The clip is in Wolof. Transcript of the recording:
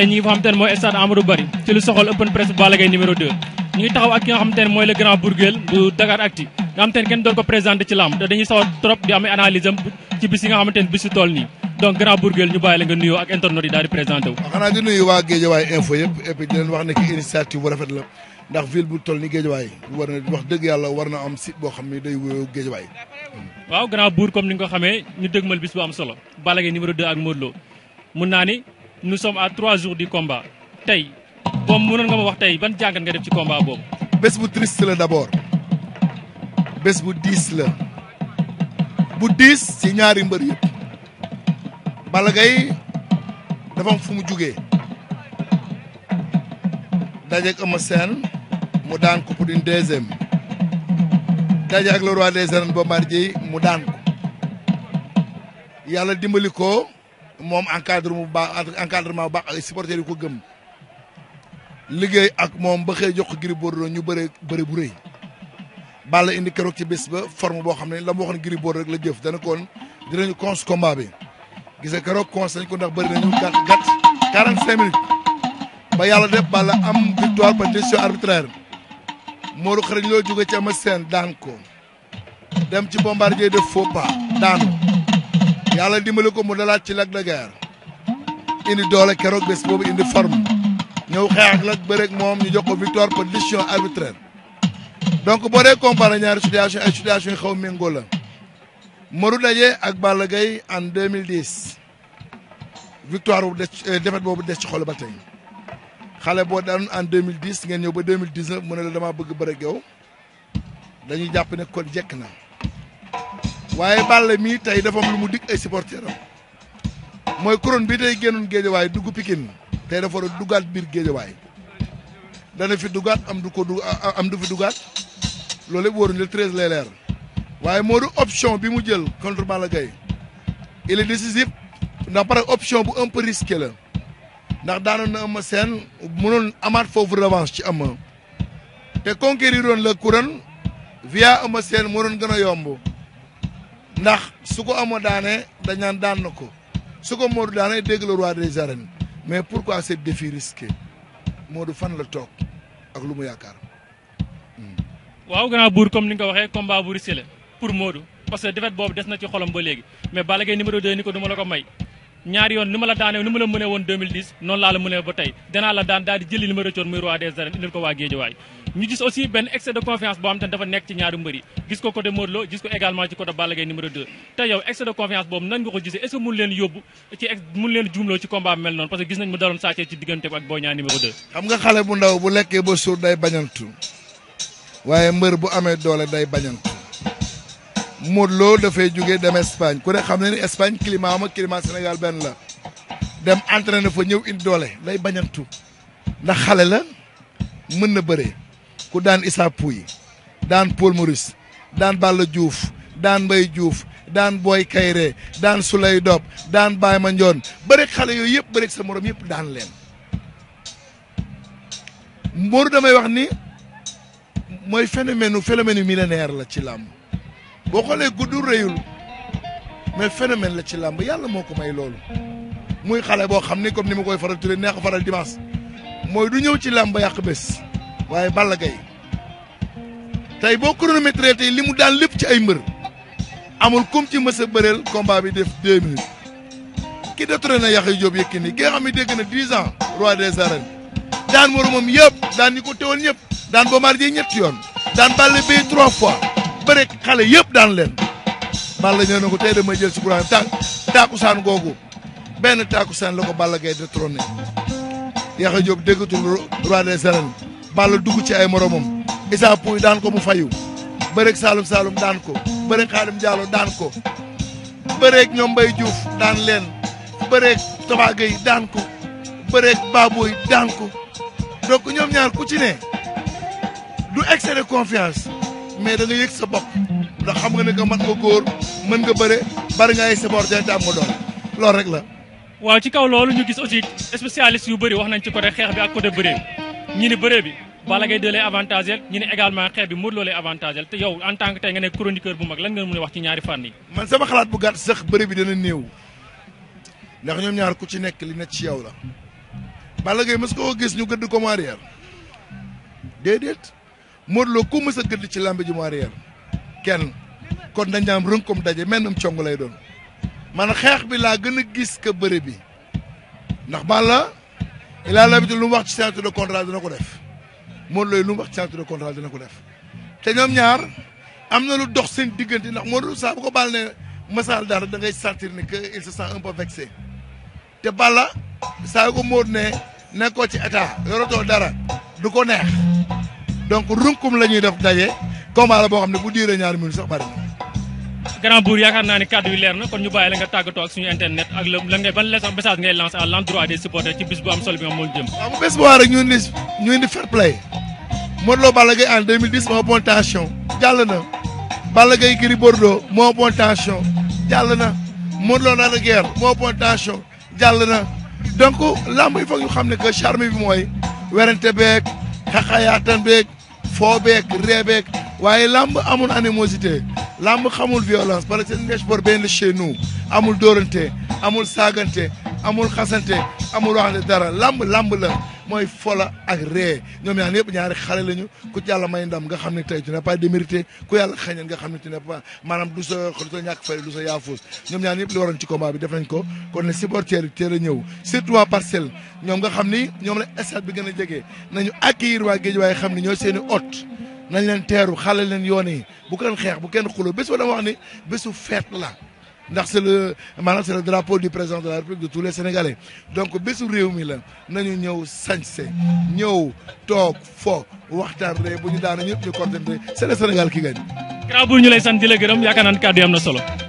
tey ñi ngi fa xam te ne mooy stade Amadou Barry ci lu soxal open press Balla Gaye numéro 2 taxaw ak ki nga xam te mooy le grand bourguel bu Dakar Acti nga xam te kenn doon ko présenté ci lamb te dañuy sawar trop di amee analyse ci bis yi nga xamante ne bis yu toll nii donc grand bourguel ñu bàyyi la nga nuyoo ak internet yi daal di xanaa di nuyu waa Guédiawaye info yëpp et puis wax ne ki initiative bu rafet la ndax ville bu toll nous som à trois jours di combat tey moom mënoon nga ma wax tey ban jàngat nga def ci combat boobu. bés bu triste la d'abord bés bu diis la bu diis ci ñaari mbër yëpp Balla Gaye dafa fu mu jugee dajeeg Eumeu Sène mu daan ko pour une deuxième daje ak le roi des arènes Bombardier mu daan ko yàlla dimbali ko. moom encadre bu baax encadrement bu baax ay supporters yu ko gëm liggéey ak moom ba xëy jox ko Gris Bordeaux ñu bëre bëre bu rëy Balla indi keroog ci bis ba forme boo xam ne la mu waxoon Gris Bordeaux rek la jëf dana koon dinañu cons combat bi gis nga keroog cons nañ ko ndax bëri nañu gàtt gàtt 45 minutes ba yàlla def Balla am victoire par décision moo Modou xarañ loo jóge ci ama seen daan ko dem ci bombardier def faux pas daanu yàlla dimbali ko mu dalaat ci Lac de Guiers indi doole keroog bés boobu indi forme ñëw xeex ak Lac moom ñu jox ko victoire par décision arbitraire donc boo dee comparé ñaari situation ay situation yi xaw méngoo la Modou daje ak Balla Gaye en 2010 victoire boobu des euh, défaite boobu des ci xol ba tey xale boo daan en 2010 ngeen ñëw ba 2019 mu ne la damaa bëgg bëreeg yow dañuy jàpp ne kon jekk na waaye Balla mii tey dafa lu mu dikk ay supporters mooy couronne bi tey génnoon géejawaay dugg Pikine tey dafa war a duggaat biir géejawaay dana fi duggaat am du ko am du fi duggaat loolu yëpp waruñu le treize leer waaye moo du option bi mu jël contre Balla Gaye il est décisif ndax pare option bu un peu la ndax daanoon na Eumeu Sène mënoon amaat foofu revanche ci Eumeu te conquérir woon la couronne via Eumeu Sène moo doon gën a yomb ndax su ko amoo daanee dañaan daan na ko su ko Modou daanee dégg le roi des arènes mais pour pourquoi ce défi risqué Modou fan la toog ak lu mu yaakaar. Hmm. waaw gannaaw buur comme ni nga waxee combat bu risqué la pour Modou parce que défaite boobu des na ci xolam ba léegi mais Balla Gaye numéro 2 ni ko du ma la ko may. ñaari yoon ni ma la daanee ni ma la mënee woon 2010 noonu laa la mënee ba tey danaa la daan daal di jëli li ma muy roi des arènes indil ko waa Géejawaay ñu gis aussi benn excès de confiance boo xam te ne dafa nekk ci ñaari mbër yi gis ko côté Modou gis ko également ci côté Balla Gaye numéro 2 te yow excès de confiance boobu nan nga ko gisee est-ce que leen yóbbu ci ex mun leen juumloo ci combat mel noonu parce que gis nañ mu daloon sàccee ci diggante amee doole day bañantu modlo da fay jógee dem Espagne ku ne xam ni Espagne climat ma climat senegal ben la dem entraîner fa ñew indi dole lay bañantu ndax xalé la mën na bëree ku daan isa pouy daan Paul Maurice daan Balla Diouf daan bay Diouf daan Boy kayré daan Souley Dop daan Baye ndion bëré xalé yoy yëpp bëré sa morom yëpp daan leen mbor damay wax ni moy phénomène phénomène millénaire la ci lamb boo xoolee gudd réyul mais phénomène la ci làmb yàlla moo ko may loolu muy xale boo xam ni comme ni ma koy faral tuddee neex faral dimas mooy du ñëw ci làmb yàq bés waaye Balla Gaye tey boo chronométré tey li mu daan lépp ci ay mbër amul kum ci mës a bëreel combat bi def deux minutes ki détrôné na Yaxya Jóob Yékini ki nga xam ne dégg na dix ans roi des arènes daan moroomam yëpp daan ñi ko teewoon ñëpp daan Bombardier ñetti yoon daan Balla Gaye trois fois bëre xale yëpp daan leen Balla ñëw na ko tey dama jël si Ibrahima ta taakusaan googu benn taakusaan la ko Balla Gaye détrôné Yaxa Diop déggatul roi des arènes Balla dugg ci ay moromam Issa Pouye daan ko mu fayu bëreeg Saloum Saloum daan ko bëreeg Khadim Diallo daan ko bëreeg ñoom Mbaye Diouf daan leen bëreeg Tafa Gueye daan ko bëreeg Baboy daan ko donc ñoom ñaar du excès de confiance mais da nga yëg sa bopp ndax xam nga ne que mat nga góor mën nga bëre bari nga ay supporter te am nga doole loolu rek la. waaw ci kaw loolu ñu gis aussi spécialiste yu bëri wax nañ ci côté xeex bi ak côté bëree bi ñi ni bëree bi Balla Gaye dee lay avantage yel ñi également xeex bi Modou Lo lay avantage yel te yow en tant que tey nga nekk chroniqueur bu mag lan nga mën a wax ci ñaari fànn yi. man sama xalaat bu gàtt sax bëri bi dana néew ndax ñoom ñaar ku ci nekk li ne ci yow la Balla Gaye mës gis ñu gëdd ko mu arrière Modou Lo ku mës ci làmb ji mu arrière kenn kon dañ am rënkum daje mennum cong lay doon man xeex bi laa gën a gis que bi ndax Balla il a l'habitude lu wax ci signature de contrat dina ko def Modou Lo lu wax ci signature de contrat dina ko def te ñoom ñaar am na lu dox seen diggante ndax Modou Lo saa bu ko Balla ne masal dara da ngay sentir ni il se sent un peu vexé te Balla saa yu ko ne nekkoo ci état yoratoo dara du ko neex donc runkum la ñuy def daje combat boo xam ne bu diiree ñaari minutes sax bari grand bour yaakaar naa ne kàddu yi leer na kon ñu bàyyi la nga tàggatoo ak suñu internet ak la ngay ban les message ngay lancé à l'endroit des supporters ci bis bu am solo bi nga moom jëm waaw bu bés bu waa rek ñu indi ñu indi fair play Modou Lo Balla Gaye en moo bon tension jàll na Balla Gaye Gris Bordeaux moo bon tension jàll na Modou Lo Lac de Guiers moo bon jàll na donc lamb yi foog ñu xam ne que charme bi mooy werante beeg xaxayaatan foobeek reebeek waaye lamb amul animosité lamb xamul violence parce que c'est un sport benn chez nous amul dóorante amul saagante amul xasante amul waxante dara lamb lamb la mooy fola ak ree ñoom ñaar ñëpp ñaari xale lañu ku yàlla may ndam nga xam ne tey tu n'as pas démérité ku yàlla xañeen nga xam ne tu n'as pas maanaam du sa du sa ñàkk du sa yaafuus ñoom ñaar ñëpp li waroon ci combat bi def nañ ko kon ne supporters yi teel a ñëw surtout waa parcelle ñoom nga xam ni ñoom la stade bi gën a jege nañu accueillir waa géej waaye xam ne ñoo seeni ot hôte nañ leen teeru xale leen yoon yi bu kenn xeex bu kenn xuloo bés ba dama wax ni bésu feet la ndax c'est le maanaam c'est le drapeau du président de la république de tous les donc bésu réew mi la nañu ñëw sañse ñëw toog fo waxtaan ree bu ñu daana ñëpp ñu contenté c'est le Sénégal ki gañ. Kara Bour ñu lay sant di la gërëm yaakaar naa ne kàddu am na solo.